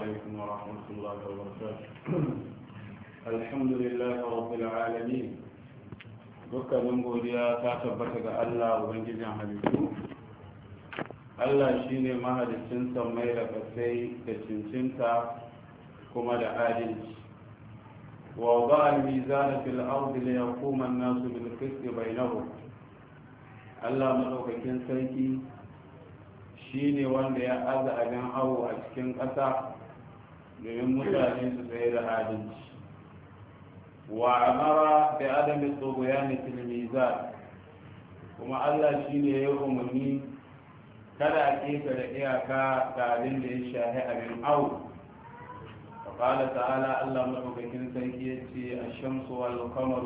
عليكم ورحمة الله وبركاته الحمد لله رب العالمين dukkanin godiya ta tabbata ga Allah Ubangijin halittu Allah shi ne mahalicin mai da kasai da cincinta kuma da adalci wa ba al-mizana fil ardi li yaquma an-nasu bil bai bainahum Allah madaukakin sarki shi ne wanda ya aza abin awo a cikin ƙasa domin mutane su tsaye da adalci wa amara ya adami tsogoyani tilmizan kuma allah shi ne ya umarni kada a keka da iyaka ga abin da ya shahi abin au فقال تعالى الله مدوكين Wal kamar الشمس والقمر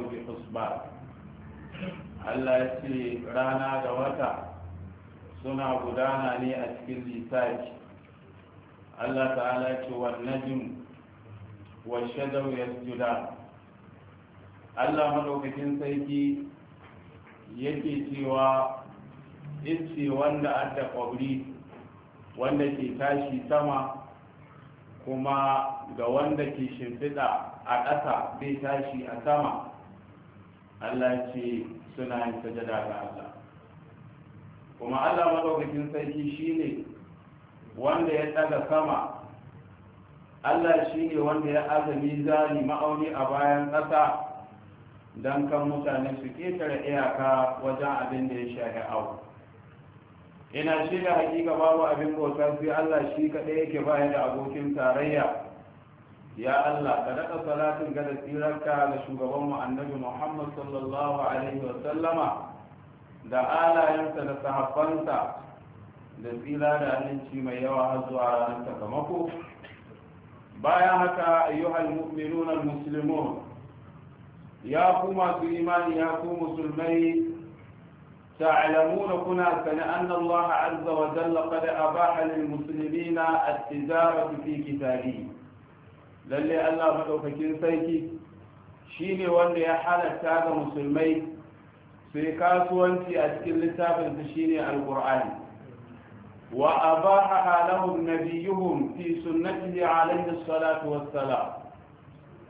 Allah ya ce rana da wata suna gudana ne a cikin lissafi Allah ta'ala ce wa najm wa shajaru yasjuda Allah madaukakin sarki yake cewa ice wanda adda kwabri wanda ke tashi sama kuma ga wanda ke shimfida a ƙasa bai tashi a sama Allah ce suna yin sajada ga Allah kuma Allah madaukakin sarki shine wanda ya daga sama Allah shi ne wanda ya azami zani ma'auni a bayan ƙasa don kan mutane su ƙetare iyaka wajen abin da ya shahi au ina shi da hakika babu abin bautar sai Allah shi kaɗai yake bayan da abokin tarayya ya Allah ka daɗa salatin ga da tsirarka ga shugabanmu annabi Muhammad sallallahu alaihi wa da alayensa da sahabbansa da tsira da aminci mai yawa har zuwa ranar sakamako bayan haka ayyuhal mu'minun al-muslimun ya ku masu imani ya ku musulmai تعلمون كنا أن الله عز وجل قد أباح للمسلمين التجارة في كتابه lalle Allah maɗaukakin sarki shi ne wanda ya halatta ga musulmai sai kasuwanci a cikin littafinsa shi ne alƙur'ani وأباحها لهم نبيهم في سنته عليه الصلاة والسلام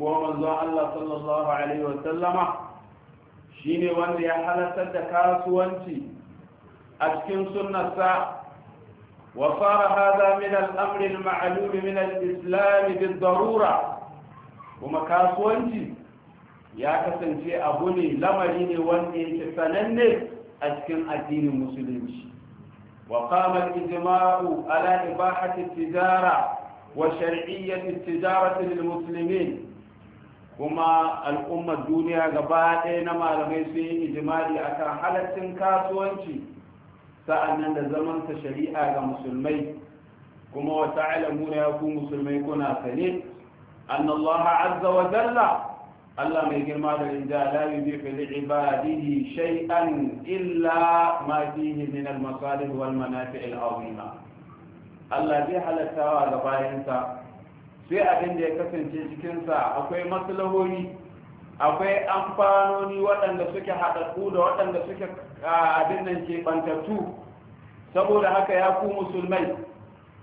ومن ذا الله صلى الله عليه وسلم شيني وان يا حلسة دكاس وانتي أشكن سنة ساعة وصار هذا من الأمر المعلوم من الإسلام بالضرورة ومكاس وانتي يا كسنتي أبوني لمريني وانتي فنني أشكن أديني مسلمشي وقام الإجماع على إباحة التجارة وشرعية التجارة musulmi kuma al'ummar duniya gaba ɗaya na malamai sun yi ijimali a kan halaccin kasuwanci sa'annan da zamansa shari'a ga musulmai kuma wata alamu ya ku musulmai kuna sane an Allah azza wa jalla Allah mai girma da rinja la yudhifu li ibadihi shay'an illa ma fihi min al masalih wal manafi' al azima Allah zai halattawa ga bayansa sai abin da ya kasance cikin sa akwai maslahoyi, akwai amfanoni waɗanda suke haɗaɗɗu da waɗanda suke abin nan ke bantattu saboda haka ya ku musulmai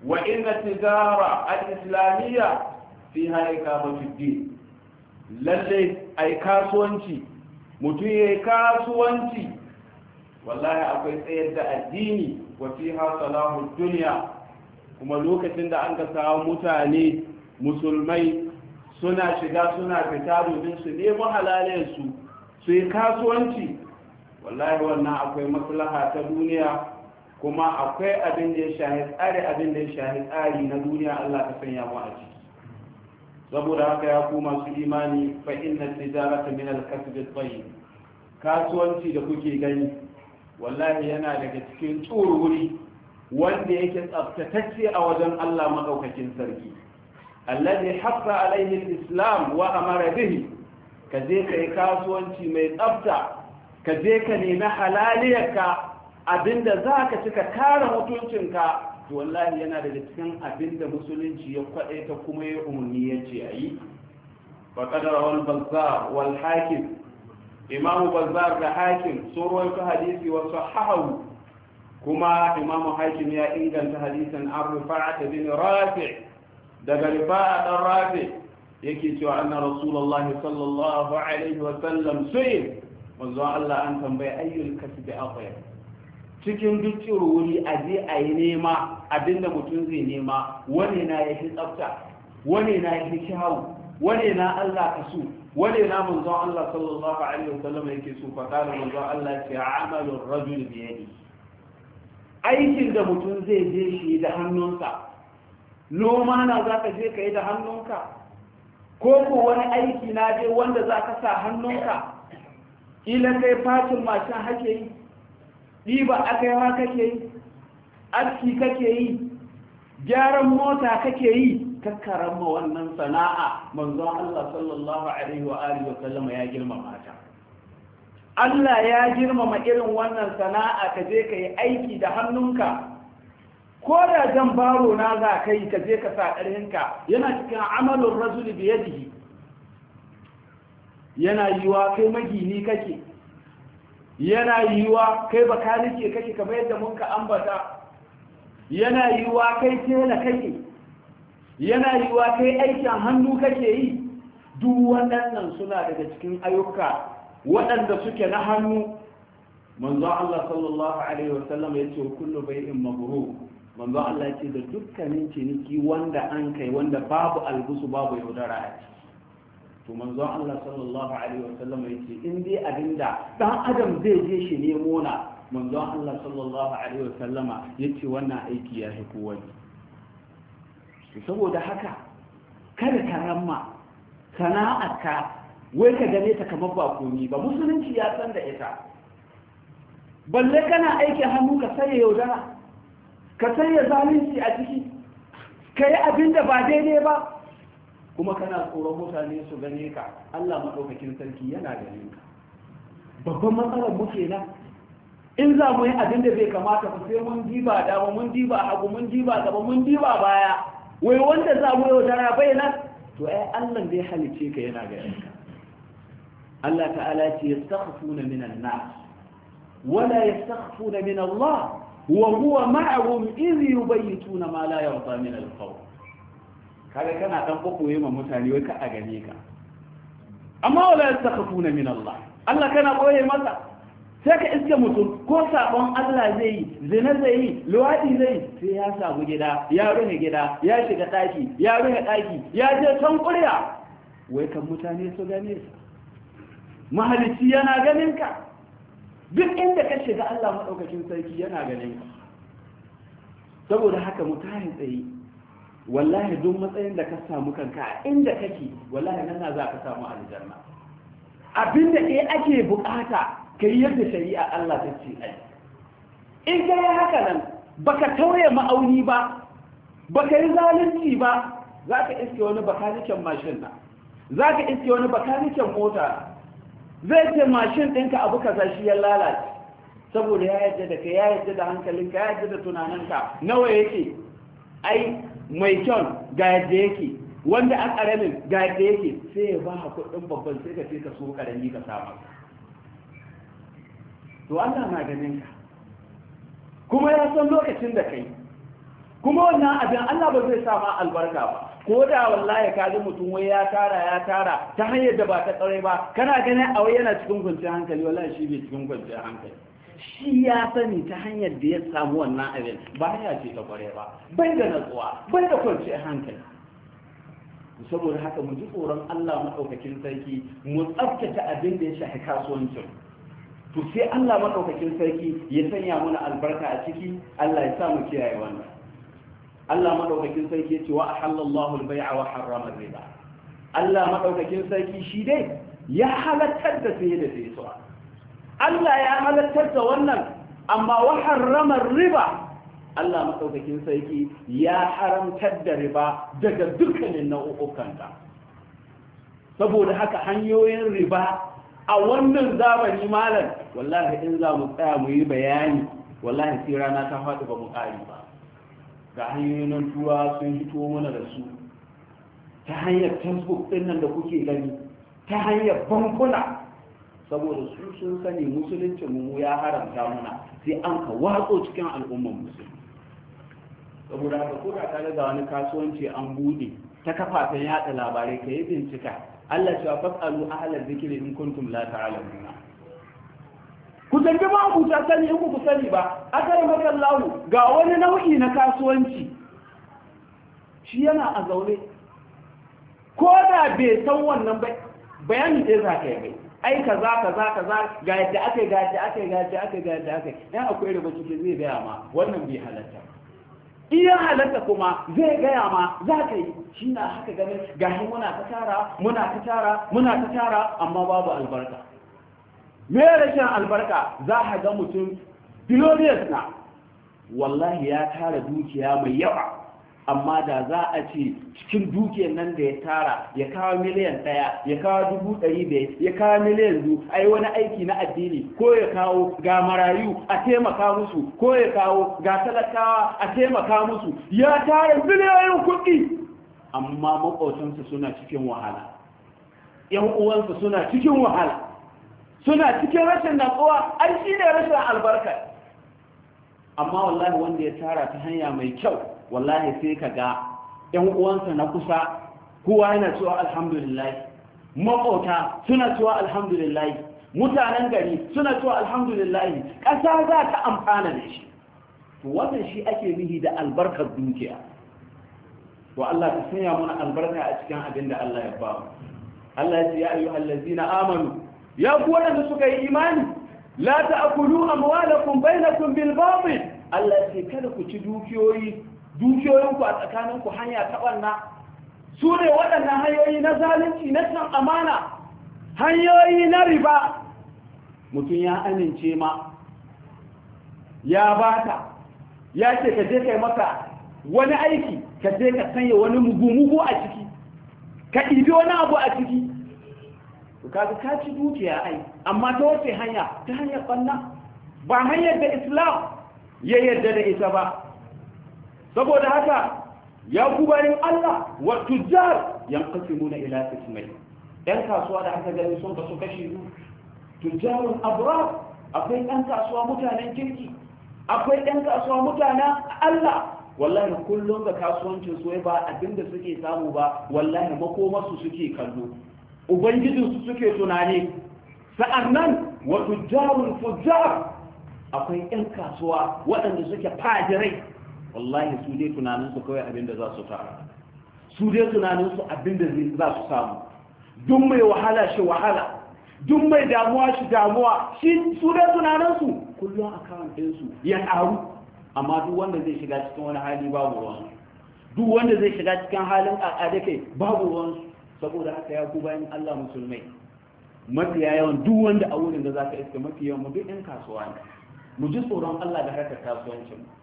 wa inna tijara al-islamiyya fi harika ba fi lalle ai kasuwanci mutum ya kasuwanci wallahi akwai tsayar da addini wa fiha duniya. kuma lokacin da an ga samu mutane musulmai suna shiga suna fita domin su nemo halalensu su yi kasuwanci wallahi wannan akwai maslaha ta duniya kuma akwai abin da ya shahi tsari abin da ya shahi tsari na duniya Allah ka sanya mu a ciki saboda haka ya ku masu imani fa inna tijarata min al-kasb at-tayyib kasuwanci da kuke gani wallahi yana daga cikin tsururi wanda yake tsaftatacce a wajen Allah madaukakin sarki alladhi haqqa alayhi al-islam wa amara bihi ka je ka yi kasuwanci mai tsafta ka je ka nemi halaliyarka abinda za ka cika kare mutuncinka to wallahi yana daga cikin abinda musulunci ya ta kuma ya umarni ya ce a yi fa qadara wal bazzar wal hakim imamu bazzar da hakim sun rawaito hadisi wasu hahu. kuma imamu hakim ya inganta hadisin an ta bin rafi daga rifa'a dan rafi yake cewa anna rasulullah sallallahu alaihi wa sallam su'il manzo Allah an tambaye ayyul kasbi afdal cikin dukkan wuri a je a yi nema abinda mutum zai nema wane na ya fi tsafta wane na ya fi kyawu wane na Allah ka so wane na manzon Allah sallallahu alaihi wasallam yake so fa kana manzon Allah ce amalu rajul bi yadi aikin da mutum zai je shi da hannunsa noma na za ka je ka yi da hannunka ko ko wani aiki na je wanda za ka sa hannunka ila kai fatin mashin hake yi ɗiba aka yi ma kake yi aski kake yi gyaran mota kake yi ma wannan sana'a manzo Allah sallallahu alaihi wa alihi wa sallam ya girmama ta Allah ya girmama irin wannan sana'a ka je ka yi aiki da hannunka ko da jan baro na za ka yi ka je ka sa ƙarhinka yana cikin amalin rajuli biyadihi yana yiwa kai magini kake yana yiwa kai bakanike kake kamar yadda mun ka ambata yana yiwa kai tela kake yana yiwa kai aikin hannu kake yi duk waɗannan suna daga cikin ayyuka waɗanda suke na hannu manzo Allah sallallahu alaihi wasallam ya ce kullu bai'in mabru manzo Allah ya da dukkanin ciniki wanda an kai wanda babu albusu babu yaudara a ciki to manzon Allah sallallahu alaihi wasallam yace in dai abinda dan adam zai je shi ne Mona. manzon Allah sallallahu alaihi wasallama yace wannan aiki ya fi kowani saboda haka kada ka ramma sana'arka wai ka gane ta kamar ba komi ba musulunci ya san da ita balle kana aikin hannu ka sanya yaudara ka sanya zalunci a ciki ka yi ba daidai ba kuma kana tsoron mutane su gane ka Allah maɗaukakin sarki yana ganin ka babban matsalar mu kenan in za mu yi abin da bai kamata ku sai mun diba dama mun diba hagu mun diba gaba mun diba baya wai wanda za mu yi wata ya bayyana to ai Allah ya halice ka yana ganin ka Allah ta'ala ce yastakhfuna minan nas wala yastakhfuna min Allah wa huwa ma'ahum idh yubayituna ma la yarda min al-qawl kaga kana dan kokoye ma mutane wai ka a gane ka amma wala yastakhafuna min Allah Allah kana koye masa sai ka iske mutum ko sabon Allah zai yi zina zai yi luwadi zai sai ya sabu gida ya rufe gida ya shiga daki ya rufe daki ya je can kurya wai kan mutane su gane sa mahalici yana ganin ka duk inda ka shiga Allah madaukakin sarki yana ganin ka saboda haka mu tare tsaye wallahi duk matsayin da ka samu kanka a inda kake wallahi nan za ka samu aljanna abinda ke ake bukata ka yi yadda shari'a Allah ta ce ai in ka yi haka nan baka tauye ma'auni ba baka yi zalunci ba za ka iske wani bakaniken mashin na za ka iske wani bakaniken mota zai ce mashin ɗinka abu kaza shi ya lalace saboda ya yadda da ka ya yadda da hankalinka ya yadda da tunaninka nawa yake ai mai kyau ga yadda yake wanda a karamin ga yadda yake sai ya ba ɗin babban sai ka ka so ƙarami ka samu to Allah na ganin ka kuma ya san lokacin da kai kuma wannan abin Allah ba zai sa albarka ba ko da wallahi ka ji mutum wai ya tara ya tara ta hanyar da ba ta tsare ba kana ganin a wai yana cikin kwanciyar hankali wallahi shi bai cikin kwanciyar hankali shi ya sani ta hanyar da ya samu wannan abin ba ya ce ta kware ba bai da natsuwa bai da a hankali saboda haka mu ji tsoron Allah maɗaukakin sarki mu tsaftace abin da ya shafi kasuwancin to sai Allah maɗaukakin sarki ya sanya mana albarka a ciki Allah ya sa mu kiyaye wannan Allah maɗaukakin sarki ya ce wa ahallallahu al-bai'a wa harrama riba Allah maɗaukakin sarki shi dai ya halattar da sai da sai Allah ya halartar da wannan amma wa harrama riba Allah maɗaukakin sarki ya haramtar da riba daga dukkanin nau'ukanta saboda haka hanyoyin riba a wannan zamani malam wallahi in za mu tsaya mu yi bayani wallahi sai rana ta faɗi ba mu ƙari ba ga hanyoyin tuwa sun hito mana da su ta hanyar facebook ɗin da kuke gani ta hanyar bankuna saboda su sun sani musulunci mu ya haramta muna sai an ka watso cikin al'ummar musulmi saboda haka ko da daga wani kasuwanci an bude ta kafafen yada labarai ka yi bincika Allah cewa fasalu ahlal zikri in kuntum la ta'lamuna ku tambi ba ku ta sani in ku sani ba akarin makallahu ga wani nau'i na kasuwanci shi yana a zaune ko da bai san wannan bayani ɗaya za ka yi ai kaza kaza kaza ga yadda ake ga yadda ake ga yadda ake ga yadda ake dan akwai riba ke zai gaya ma wannan bai halatta iya halatta kuma zai gaya ma za ka yi shi na haka ganin gashi muna ta tara muna ta tara muna ta tara amma babu albarka me rashin albarka za ka ga mutum biloniyas na wallahi ya tara dukiya mai yawa amma da za a ce cikin dukiyar nan da ya tara ya kawo miliyan ɗaya ya kawo dubu ɗari da ya kawo miliyan zu a yi wani aiki na addini ko ya kawo ga marayu a taimaka musu ko ya kawo ga talakawa a taimaka musu ya tara miliyoyin kuɗi amma maƙotansu suna cikin wahala yan uwansu suna cikin wahala suna cikin rashin natsuwa an shi ne rashin albarka amma wallahi wanda ya tara ta hanya mai kyau wallahi sai ka ga ‘yan uwansa na kusa kowa yana cewa alhamdulillah maƙota suna cewa alhamdulillah mutanen gari suna cewa alhamdulillah ƙasa za ta amfana da shi wannan shi ake nihi da albarkar dukiya Wa Allah ta sanya mana albarka a cikin abin da Allah ya ba mu Allah ya ce ya ayyuhal ladzina amanu ya ku wanda suka yi imani la ta'kulu amwalakum bainakum bil batil Allah ya ce kada ku ci dukiyoyi dukiyoyinku a tsakaninku hanya ta ɓanna su ne waɗannan hanyoyi na zalunci na san amana hanyoyi na riba mutum ya amince ma ya bata ya ce ka je kai masa wani aiki ka je ka sanya wani mugu-mugu a ciki ka ɗibi wani abu a ciki kaga ka ci dukiya ai amma ta wace hanya ta hanyar ɓanna ba hanyar da islam ya yarda da ita ba saboda haka ya ku Allah wa tujjar yanqasimuna ila qismai yan kasuwa da aka gani sun kasu kashi biyu tujjarun abrar akwai yan kasuwa mutanen kirki akwai yan kasuwa mutanen Allah wallahi kullun da kasuwancin su ba abinda suke samu ba wallahi makomarsu suke kallo ubangijin su suke tunani sa'annan wa tujjarun fujjar akwai yan kasuwa waɗanda suke fajirai wallahi su dai tunaninsu kawai abin da za su tara su dai tunaninsu abin da za su samu duk mai wahala shi wahala duk mai damuwa shi damuwa shi su dai tunaninsu kullum a kawon ɗinsu ya ƙaru amma duk wanda zai shiga cikin wani hali babu ruwansu duk wanda zai shiga cikin halin ƙaƙa kai babu ruwansu saboda haka ya ku bayan Allah musulmai mafi yawan duk wanda a wurin da za ka iska mafi yawan mu duk 'yan kasuwa ne mu ji tsoron Allah da harkar kasuwancin mu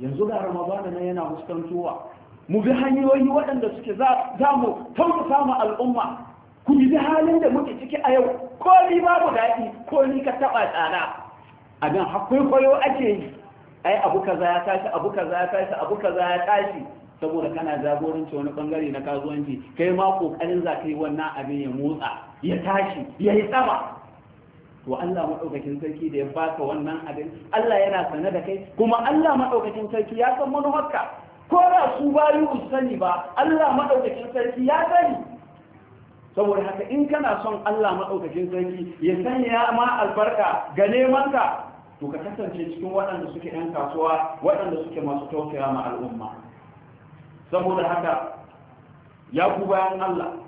yanzu ga ramadana na yana fuskantowa mu bi hanyoyi waɗanda suke za mu al'umma ku yi bi halin da muke ciki a yau ko ni babu daɗi ko ni ka taɓa tsada abin hakkun koyo ake yi ai abu kaza ya tashi abu kaza ya tashi abu kaza ya tashi saboda kana jagoranci wani bangare na kasuwanci kai ma kokarin za wannan abin ya motsa ya tashi ya yi tsaba to Allah maɗaukakin sarki da ya baka wannan abin Allah yana sane da kai kuma Allah maɗaukakin sarki ya san manufarka ko da su bayu sani ba Allah maɗaukakin sarki ya sani saboda haka in kana son Allah maɗaukakin sarki ya sanya ma albarka ga nemanka to ka kasance cikin waɗanda suke ‘yan kasuwa waɗanda suke masu tausaya ma al'umma saboda haka ya ku bayan Allah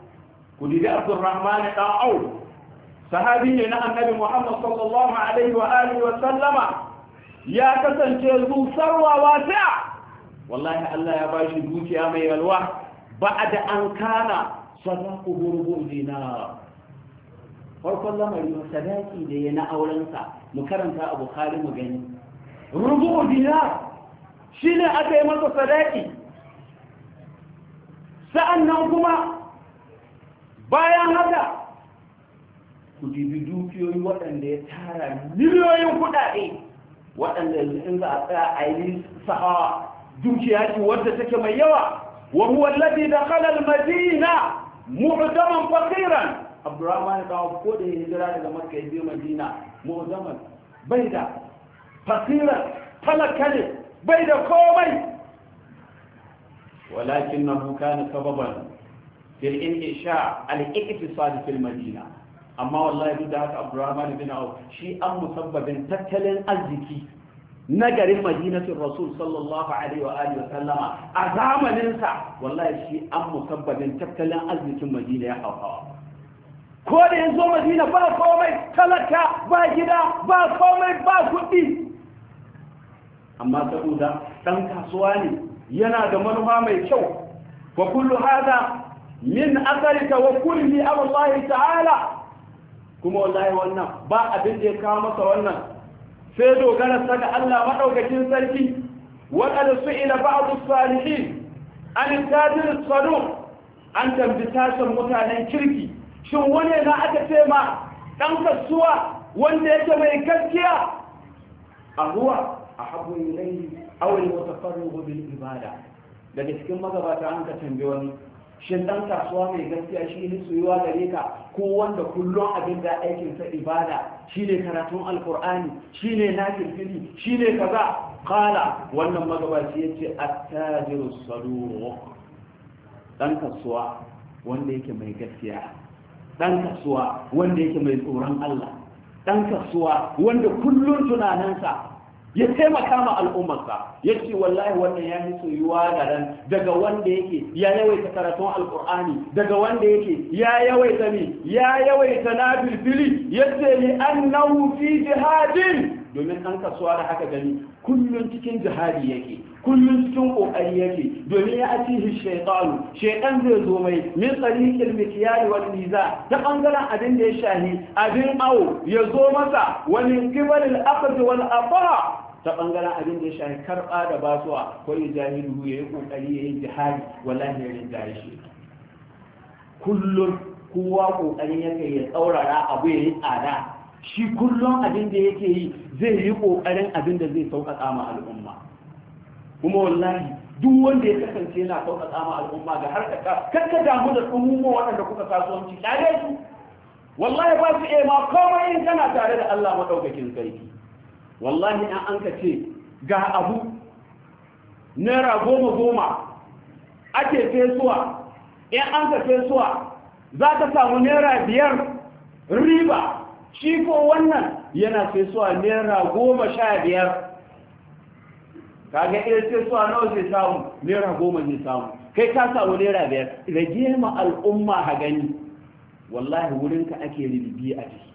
ku didi Abdurrahman ɗan au sahabi ne na annabi Muhammad sallallahu alaihi wa alihi wa sallama ya kasance zusarwa wasi'a wallahi Allah ya bashi dukiya mai yalwa ba'da an kana sadaqahu rubu dinar farkon lamarin sadaki da ya na aurensa mu karanta a bukhari mu gani rubu dina shine aka yi masa sadaki sa'annan kuma bayan haka ku dibi dukiyoyi waɗanda ya tara miliyoyin kuɗaɗe waɗanda in za a tsaya a yi sahawa dukiya ce wadda take mai yawa wa huwa alladhi dakhala al-madina mu'taman faqiran abdurrahman kawo ko da hijira daga makka ya je madina mu'taman bai da faqiran talaka ne bai da komai ولكنه كان سببا في الانشاء الاقتصادي في madina. amma wallahi duk da haka abdurrahman bin auf shi an musabbabin tattalin arziki na garin madinatin rasul sallallahu alaihi wa alihi wa sallama a zamanin sa wallahi shi an musabbabin tattalin arzikin madina ya hauhawa ko da ya zo madina ba komai talaka ba gida ba komai ba kuɗi amma saboda ɗan kasuwa ne yana da manufa mai kyau wa kullu hada min asarika wa kulli abu Allah ta'ala kuma wallahi wannan ba abin da ya kawo masa wannan sai dogara saka Allah madaukakin sarki waɗanda su ila ba'adu salihin an tajir sadu an tambi tashin mutanen kirki shin wani na aka ce ma ɗan kasuwa wanda yake mai gaskiya a ruwa a habu ilai awal mutafarrihu bil ibada daga cikin magabata an ka tambi wani shin dan kasuwa mai gaskiya shi ne soyuwa gare ka ko wanda kullum abin da aikin sa ibada shine karatun Alkur'ani, shine nafilfili shine kaza kala wannan magabaci yace at-tajiru saduq dan kasuwa wanda yake mai gaskiya dan kasuwa wanda yake mai tsoron Allah dan kasuwa wanda kullum tunaninsa ya taimaka ma al'ummarsa ya ce wallahi wannan ya fi soyuwa da ran daga wanda yake ya yawaita karatun alkur'ani daga wanda yake ya yawaita ne ya yawaita na filfili ya ce ni an fi jihadin domin an kasuwa da haka gani kullum cikin jihadi yake kullum cikin kokari yake domin ya shi shaytanu shaytan zai zo mai min tsarikin mikiyari wal miza ta bangaren abin da ya shahi abin awo ya zo masa wani kibalil aqd wani afara ta bangaren abin da ya shahi karba da basuwa ko ya jahilu ya yi kokari ya yi jihadi wallahi ya rinjaye shi kullum kowa kokari yake ya tsaurara abu ya yi tsada shi kullum abin da yake yi zai yi kokarin abin da zai sauƙaƙa ma al'umma kuma wallahi duk wanda ya kasance yana sauƙaƙa ma al'umma da harkar ka kakka damu da tsumuma waɗanda kuka kasuwanci tare su wallahi ba su ema komai in kana tare da Allah maɗaukakin sarki wallahi in an ka ce ga abu naira goma goma ake fesuwa in an ka fesuwa za ka samu naira biyar riba shi ko wannan yana fesuwa naira goma sha biyar kaga irin sai suwa nawa zai samu naira goma zai samu kai ka samu naira biyar rage ma al'umma ha gani wallahi wurinka ake ribi a ciki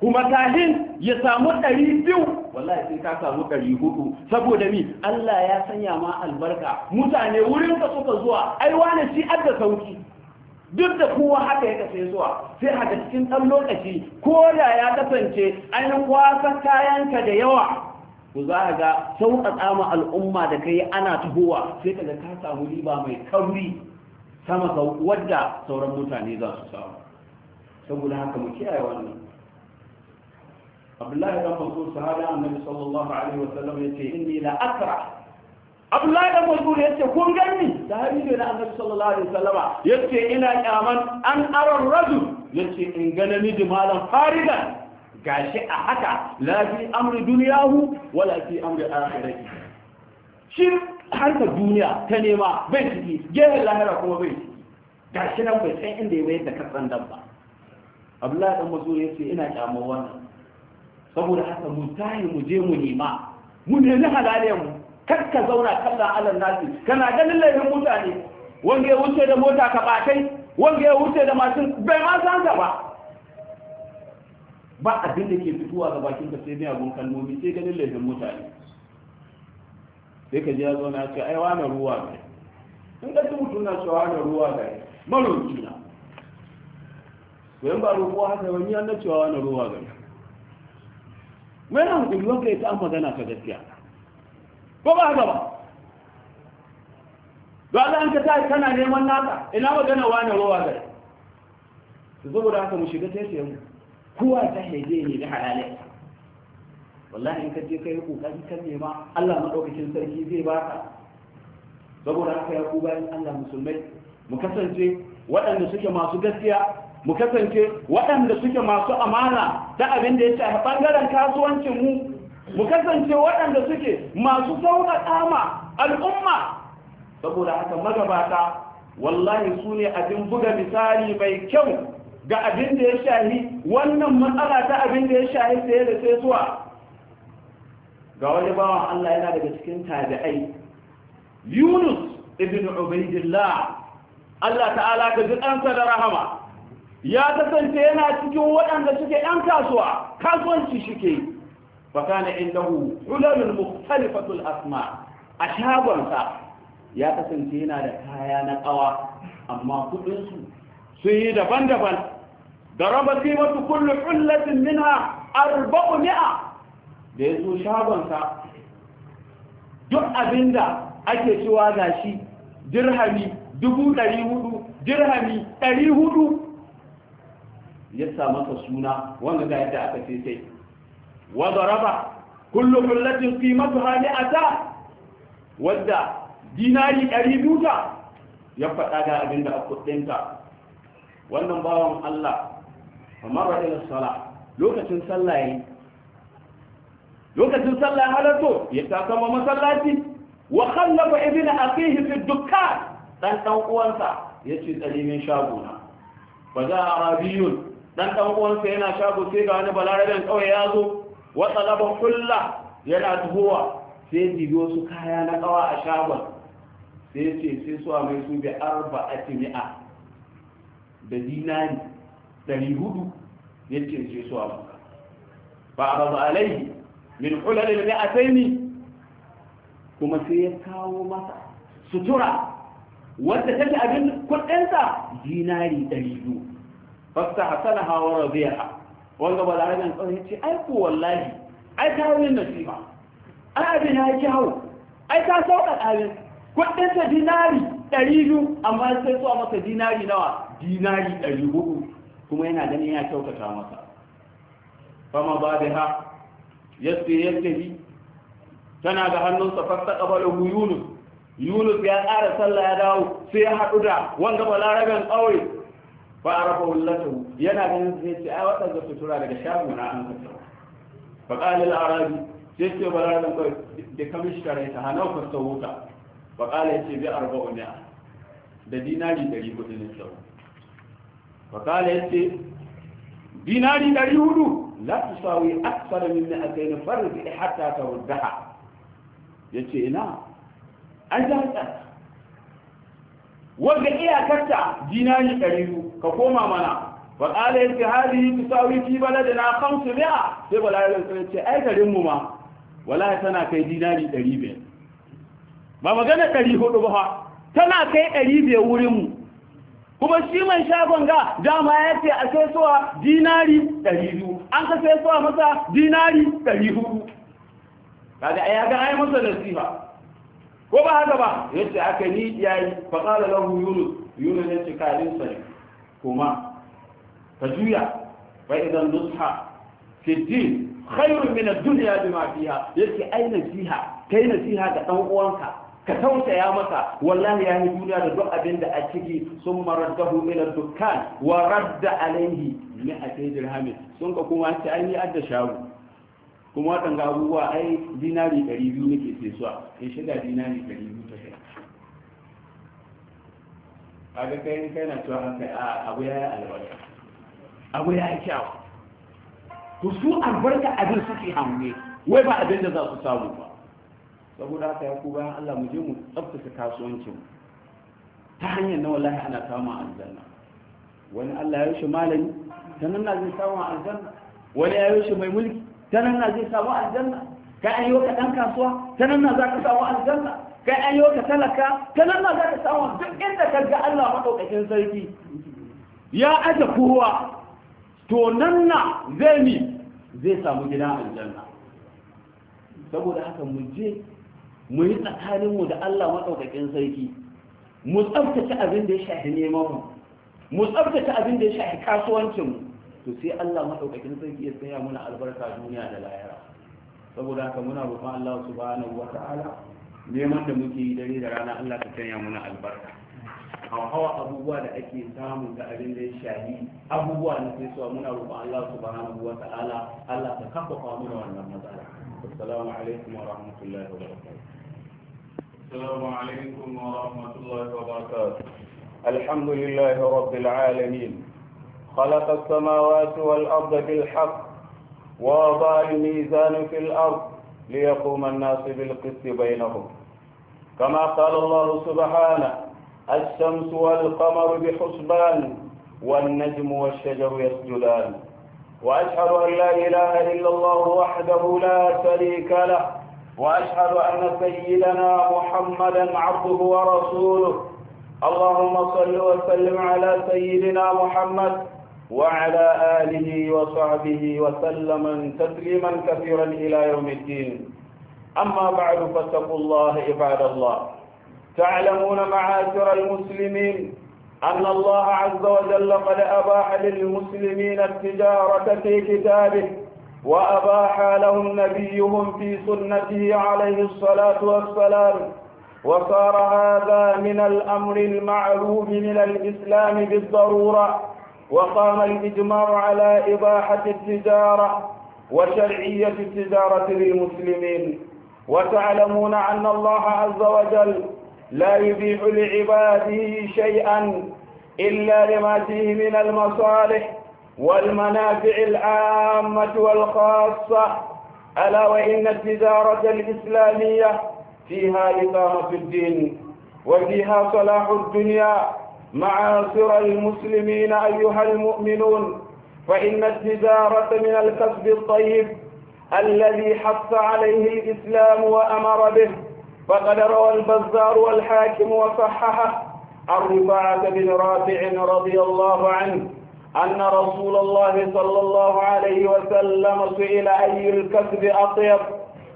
kuma tahin ya samu ɗari biyu wallahi sai ka samu ɗari hudu saboda mi Allah ya sanya ma albarka mutane wurinka suka zuwa ai wane shi adda sauki duk da kowa haka ya kasance zuwa sai haka cikin ɗan lokaci ko da ya kasance an kwasa kayanka da yawa ku za a ga sauƙaƙa ma al'umma da kai ana tahowa sai ka da ka samu riba mai kauri sama wadda sauran mutane za su samu saboda haka mu kiyaye wannan abdullahi dan masu sahada annabi sallallahu alaihi wa sallam yace inni la akra abdullahi dan masu yace kun ganni sahabi ne na annabi sallallahu alaihi wa sallama yace ina kyaman an aron rajul yace in ga namiji malam faridan gashi a haka la fi amri duniyahu wala fi amri akhirati shi harka duniya ta nema bai ciki gehen lahira kuma bai ciki gashi nan bai san inda ya bayar da katsan dan ba abdullahi dan mazo ya ce ina kyama wannan saboda haka mu tayi mu je mu nema mu nemi halaliyan mu kar ka zauna kallon alal nasi kana ganin laifin mutane wanda ya wuce da mota ka bakai wanda ya wuce da mashin bai ma san ba ba abin da ke fitowa da bakin ka sai miyagun kalmomi sai ganin laifin mutane sai ka ji ya zo na ce ai wani ruwa ne in ka ji mutum na cewa wani ruwa ne maroki na to ba roƙo haka wani an na cewa wani ruwa ne na hankali wanka ya ta magana ta gaskiya ko ba haka ba ba an ka ta kana neman naka ina magana wani ruwa ne saboda haka mu shiga taitayen mu kowa ta haife ne da halalai wallahi in ka je kai kokari kan nema Allah madaukakin sarki zai ba ka. saboda haka ya ku bayan Allah musulmai mu kasance waɗanda suke masu gaskiya mu kasance waɗanda suke masu amana ta abin da ya shafi bangaren kasuwancin mu mu kasance waɗanda suke masu sauƙaƙa ma al'umma saboda haka magabata wallahi su ne abin buga misali mai kyau ga abin da ya shahi wannan matsala ta abin da ya shahi saye da sai suwa ga wani bawan Allah yana daga cikin tabi'ai Yunus ibn Ubaidillah Allah ta'ala ka ji ɗansa da rahama ya kasance yana cikin waɗanda suke ‘yan kasuwa kasuwanci suke bakana indahu ulalul mukhtalifatul asma a shagonsa ya kasance yana da kaya na ƙawa amma kuɗinsu sun yi daban-daban daraba qimatu kullu hullatin minha 400 da yazo shagon sa duk abinda ake cewa gashi dirhami dubu hudu dirhami hudu ya sa masa suna wanda ga yadda aka ce sai wa daraba kullu hullatin qimatuha li'ata wadda dinari biyu ta ya faɗa ga abinda a kuɗinta wannan bawan Allah kamar wa ila sala lokacin sallah yi lokacin sallah halatto ya ta kama masallaci wa khallafa ibn akhihi fi dukkan dan dan uwansa yace tsalimin shago na ba za arabiyun dan dan uwansa yana shago sai ga wani balarabin kawai ya zo wa talaba kulla yana tuhuwa sai dibi wasu kaya na kawa a shagon sai ce sai su mai su bi arba'ati mi'a da dinari ɗari hudu ya ce je su a maka ba a raba alaihi min sai ni. kuma sai ya kawo masa sutura wadda take abin kudinta dinari ɗari biyu fasta hasana hawa rabiya wanda ba larabin tsawon ya ce ai wallahi ai ta hau nasi nasiba ai abin ya ki hau ai ta sauƙa ɗalin kudinta dinari ɗari biyu amma sai su a masa dinari nawa dinari ɗari hudu kuma yana ganin ya kyautata masa fama ba da ha yasfi yasfi tana ga hannunsa fasta qabalu yunus yunus ya ƙara sallah ya dawo sai ya haɗu da wanga balaragan ƙauye ba a rafa hullatu yana ganin sai ce ai waɗanda tura daga shago na an kasa ba ƙalil arabi sai ce balaragan ƙauye da tare ta hanau ka wuta ba ƙala ya ce bi arba'u ne da dinari ɗari ne sauta fakala ya ce dinari dari hudu la su sawi aksara min na akai na farzi hatta ta waddaha ya ce ina an ji hankali wanda iyakarta dinari dari hudu ka koma mana faƙala ya ce hali su tusawi fi da na kamsu biya sai bala ya ce ai mu ma wala tana kai dinari dari biyar ba magana dari hudu ba tana kai dari biyar wurin mu. kuma shi mai shagon ga dama ya ce a sai suwa dinari 200 an ka sai masa dinari 400 Kada ya ga ai masa nasiha ko ba haka ba yace aka ni yayi fa qala lahu yunus yunus ya ce kalin sai kuma ta juya fa idan nusha fi din khairun min ad-dunya bima fiha yace ai nasiha kai nasiha ga dan uwanka ka tausaya masa wallahi ya yi duniya da duk abin da a ciki sun maraddahu ila dukkan wa radda alaihi ne a kai dirhamin sun ka kuma ta an yi adda shago kuma ga abubuwa ai dinari ɗari biyu nake sai suwa in shiga dinari ɗari biyu ta kai a ga kai kai na cewa an kai abu ya yi albarka abu ya yi kyau to su albarka abin suke hange wai ba abin da za su samu ba saboda haka ya ku bayan Allah mu je mu tsaftace kasuwancin ta hanyar na wallahi ana samun aljanna wani Allah ya rushe malami ta nan na zai samu aljanna wani ya rushe mai mulki ta nan na zai samu aljanna kai an yi waka dan kasuwa ta nan na za ka samu aljanna kai an yi waka talaka ta nan na za ka samu duk inda ka ga Allah maɗaukakin sarki ya aje kowa to nan na zai mi zai samu gidan aljanna saboda haka mu je mu yi tsakaninmu da Allah maɗaukakin sarki mu tsabtace abin da ya shafi neman mu mu tsabtace abin da ya shafi kasuwancin mu to sai Allah maɗaukakin sarki ya tsaya muna albarka duniya da lahira saboda haka muna roƙon Allah subhanahu wa ta'ala neman da muke yi dare da rana Allah ta tsaya muna albarka hawa abubuwa da ake samu ga abin da ya shafi abubuwa na sai suwa muna roƙon Allah subhanahu wa ta'ala Allah ta kafa mu da wannan matsala assalamu alaikum wa rahmatullahi wa السلام عليكم ورحمة الله وبركاته الحمد لله رب العالمين خلق السماوات والأرض بالحق ووضع الميزان في الأرض ليقوم الناس بالقسط بينهم كما قال الله سبحانه الشمس والقمر بحسبان والنجم والشجر يسجدان وأشهد أن لا إله إلا الله وحده لا شريك له وأشهد أن سيدنا محمدا عبده ورسوله اللهم صل وسلم على سيدنا محمد وعلى آله وصحبه وسلم تسليما كثيرا إلى يوم الدين أما بعد فاتقوا الله عباد الله تعلمون معاشر المسلمين أن الله عز وجل قد أباح للمسلمين التجارة في كتابه وأباح لهم نبيهم في سنته عليه الصلاة والسلام وصار هذا من الأمر المعلوم من الإسلام بالضرورة وقام الإجماع على إباحة التجارة وشرعية التجارة للمسلمين وتعلمون أن الله عز وجل لا يبيح لعباده شيئا إلا لما فيه من المصالح والمنافع العامة والخاصة ألا وإن التجارة الإسلامية فيها إقامة في الدين وفيها صلاح الدنيا معاصر المسلمين أيها المؤمنون فإن التجارة من الكسب الطيب الذي حص عليه الإسلام وأمر به فقد روى البزار والحاكم وصححه عن رفاعة بن رافع رضي الله عنه أن رسول الله صلى الله عليه وسلم سئل أي الكسب أطيب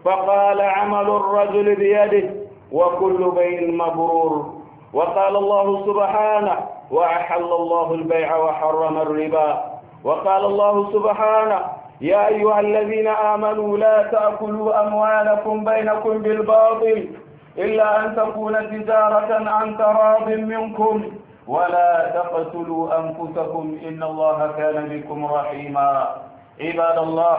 فقال عمل الرجل بيده وكل بيع مبرور وقال الله سبحانه وأحل الله البيع وحرم الربا وقال الله سبحانه يا أيها الذين آمنوا لا تأكلوا أموالكم بينكم بالباطل إلا أن تكون تجارة عن تراض منكم ولا تقتلوا أنفسكم إن الله كان بكم رحيما عباد الله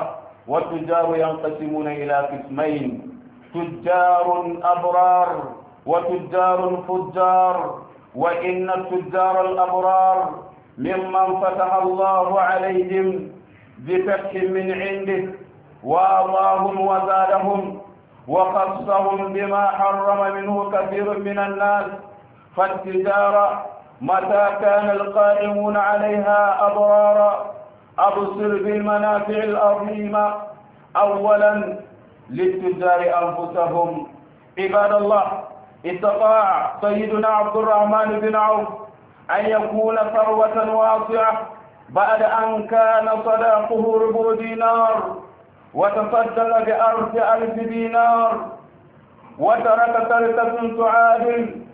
والتجار ينقسمون إلى قسمين تجار أبرار وتجار فجار وإن التجار الأبرار ممن فتح الله عليهم بفتح من عنده وأضاهم وزادهم وخصهم بما حرم منه كثير من الناس فالتجارة متى كان القائمون عليها أبرارا أبصر بالمنافع العظيمة أولا للتجار أنفسهم عباد الله استطاع سيدنا عبد الرحمن بن عوف أن يكون ثروة واسعة بعد أن كان صداقه ربع دينار وتصدق بأرض ألف دينار وترك تركة تعادل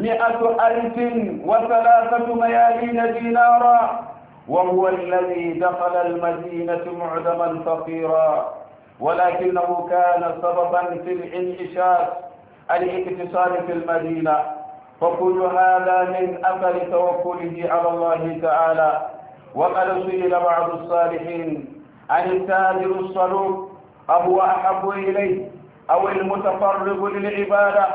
مئة ألف وثلاثة ميالين دينارا وهو الذي دخل المدينة معدما فقيرا ولكنه كان سببا في الانعشاش الاقتصاد في المدينة فكل هذا من أثر توكله على الله تعالى وقد سئل بعض الصالحين عن التاجر الصلوب أهو أحب إليه أو المتفرغ للعبادة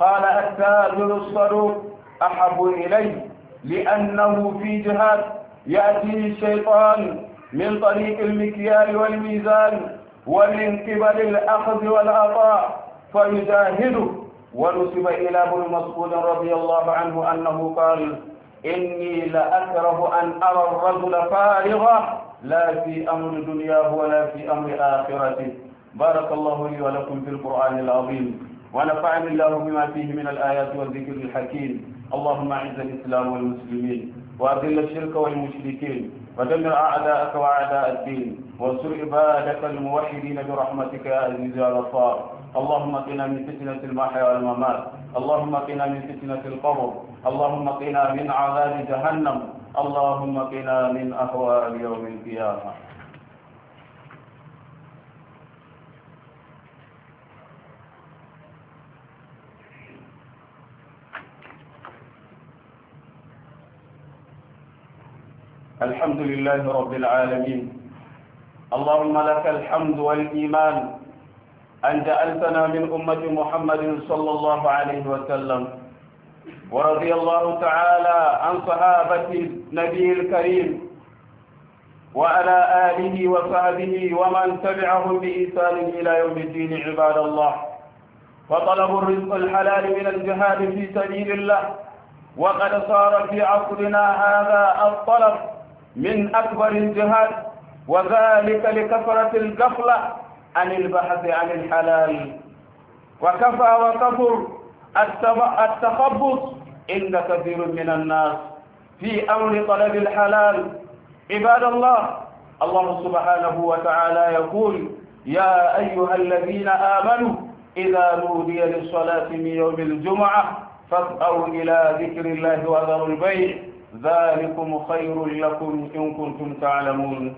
قال التاجر الصدوق أحب إليه لأنه في جهاد يأتيه الشيطان من طريق المكيال والميزان ومن قبل الأخذ والعطاء فيجاهده ونسب إلى ابو مسعود رضي الله عنه أنه قال إني لأكره أن أرى الرجل فارغا لا في أمر دنياه ولا في أمر آخرته بارك الله لي ولكم في القرآن العظيم ونفعني الله بما فيه من الآيات والذكر الحكيم اللهم أعز الإسلام والمسلمين وأذل الشرك والمشركين ودمر أعداءك وأعداء الدين وانصر عبادك الموحدين برحمتك يا عزيز يا غفار اللهم قنا من فتنة المحيا والممات اللهم قنا من فتنة القبر اللهم قنا من عذاب جهنم اللهم قنا من أهوال يوم القيامة الحمد لله رب العالمين اللهم لك الحمد والإيمان أن جعلتنا من أمة محمد صلى الله عليه وسلم ورضي الله تعالى عن صحابة النبي الكريم وعلى آله وصحبه ومن تبعهم بإحسان إلى يوم الدين عباد الله فطلب الرزق الحلال من الجهاد في سبيل الله وقد صار في عصرنا هذا الطلب من أكبر الجهاد وذلك لكثرة الغفلة عن البحث عن الحلال وكفى وكثر التخبط عند كثير من الناس في أمر طلب الحلال عباد الله الله سبحانه وتعالى يقول يا أيها الذين آمنوا إذا نودي للصلاة من يوم الجمعة فاسأوا إلى ذكر الله وذروا البيع ذلكم خير لكم إن كنتم تعلمون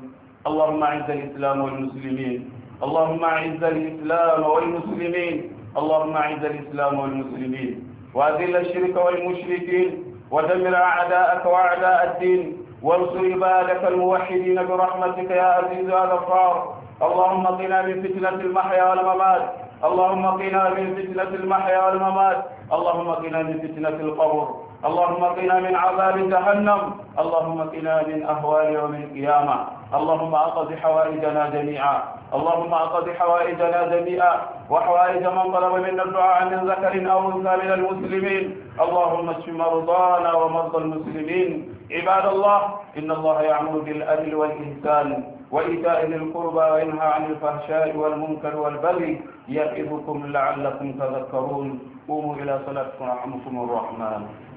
اللهم أعز الإسلام والمسلمين اللهم أعز الإسلام والمسلمين اللهم أعز الإسلام والمسلمين وأذل الشرك والمشركين ودمر أعداءك وأعداء الدين وانصر عبادك الموحدين برحمتك يا عزيز يا غفار اللهم قنا من فتنة المحيا والممات اللهم قنا من فتنة المحيا والممات اللهم قنا من فتنة القبر اللهم قنا من عذاب جهنم اللهم قنا من أهوال يوم القيامة اللهم أقض حوائجنا جميعا اللهم أقض حوائجنا جميعا وحوائج من طلب منا الدعاء من ذكر أو أنثى من المسلمين اللهم اشف مرضانا ومرضى المسلمين عباد الله إن الله يعمل بالأدل والإحسان وإيتاء ذي القربى وينهى عن الفحشاء والمنكر والبغي يعظكم لعلكم تذكرون قوموا إلى صلاتكم رحمكم الرحمن